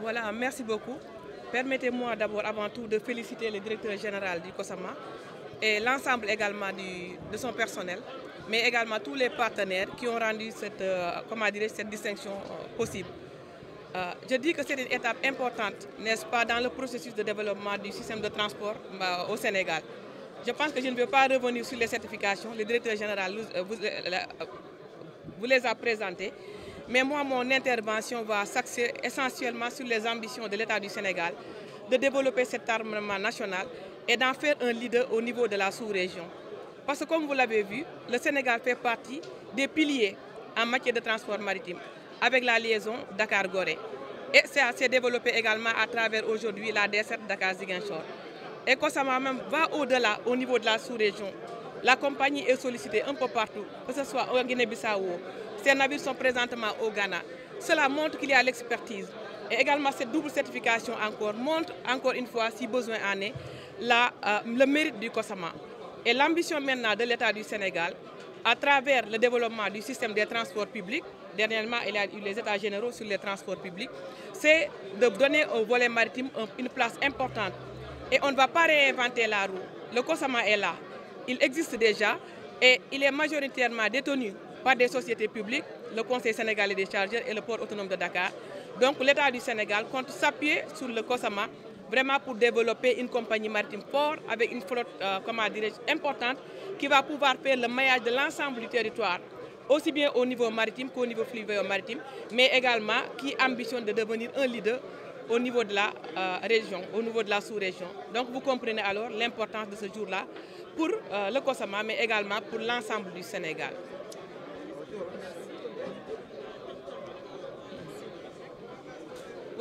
Voilà, merci beaucoup. Permettez-moi d'abord, avant tout, de féliciter le directeur général du COSAMA et l'ensemble également de son personnel, mais également tous les partenaires qui ont rendu cette, euh, comment dire, cette distinction euh, possible. Euh, je dis que c'est une étape importante, n'est-ce pas, dans le processus de développement du système de transport au Sénégal. Je pense que je ne veux pas revenir sur les certifications. Le directeur général vous les a présentées. Mais moi, mon intervention va s'axer essentiellement sur les ambitions de l'État du Sénégal de développer cet armement national et d'en faire un leader au niveau de la sous-région. Parce que comme vous l'avez vu, le Sénégal fait partie des piliers en matière de transport maritime avec la liaison Dakar-Gorée. Et ça s'est développé également à travers aujourd'hui la desserte Dakar-Ziguinchor. Et Kossama même va au-delà au niveau de la sous-région la compagnie est sollicitée un peu partout, que ce soit en Guinée-Bissau. Ces navires sont présentement au Ghana. Cela montre qu'il y a l'expertise. Et également, cette double certification encore montre, encore une fois, si besoin en est, euh, le mérite du COSAMA. Et l'ambition maintenant de l'État du Sénégal, à travers le développement du système des transports publics, dernièrement il y a eu les états généraux sur les transports publics, c'est de donner au volet maritime une place importante. Et on ne va pas réinventer la roue. Le COSAMA est là, il existe déjà et il est majoritairement détenu par des sociétés publiques, le Conseil sénégalais des chargeurs et le port autonome de Dakar. Donc l'État du Sénégal compte s'appuyer sur le COSAMA vraiment pour développer une compagnie maritime forte avec une flotte euh, importante qui va pouvoir faire le maillage de l'ensemble du territoire aussi bien au niveau maritime qu'au niveau fluvial maritime, mais également qui ambitionne de devenir un leader au niveau de la euh, région, au niveau de la sous-région. Donc vous comprenez alors l'importance de ce jour-là pour euh, le Kossama, mais également pour l'ensemble du Sénégal.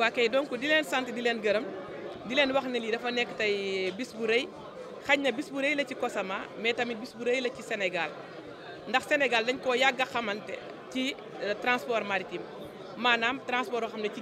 Ok, donc di vous remercie, di vous remercie. di vous wax ne lii dafa nekk tey bis bu na bis bu la ci mais tamit bis bu la ci Sénégal ndax Sénégal dañ koo a xamante le euh, transport maritime manam transport yoo xam ci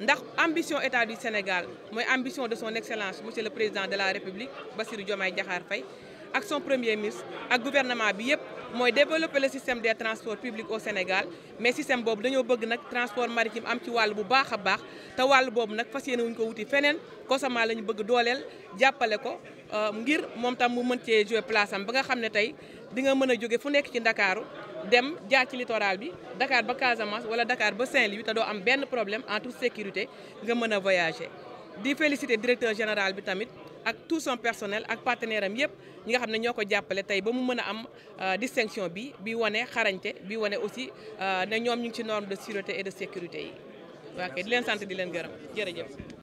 ndax ambition état du Sénégal mooy ambition de son excellence monsieur le président de la république Bassirou Diomaye Diakhar Faye ak son premier ministre ak gouvernement bi yépp moy développer le système des transports publics au Sénégal mais système bobu dañu bëgg nak transport maritime am ci wàll bu baax a baax te wàll boobu nag fas yéene wuñ ko wuti feneen Cosama la ñu bëgg dolel jappalé ko euh, ngir mom tam mu mën cee jouer place am ba nga xamné tay di nga mëna joggé fu nekk ci Dakarou dem jaar ci littoral bi Dakar ba Casamance wala Dakar ba Saint-Louis te doo am ben problème en toute sécurité nga meuna voyager. di féliciter directeur général bi tamit ak tout son personnel ak partenaire am yépp ñi nga xam ne ñoo ko jàppale tey ba mu mën a am euh, distinction bi bi wane xarañte bi wane aussi euh, ne ñoom ñu ngi ci norme de sûreté et de sécurité yi. waaw kay di leen sant di leen gërëm jërëjëf.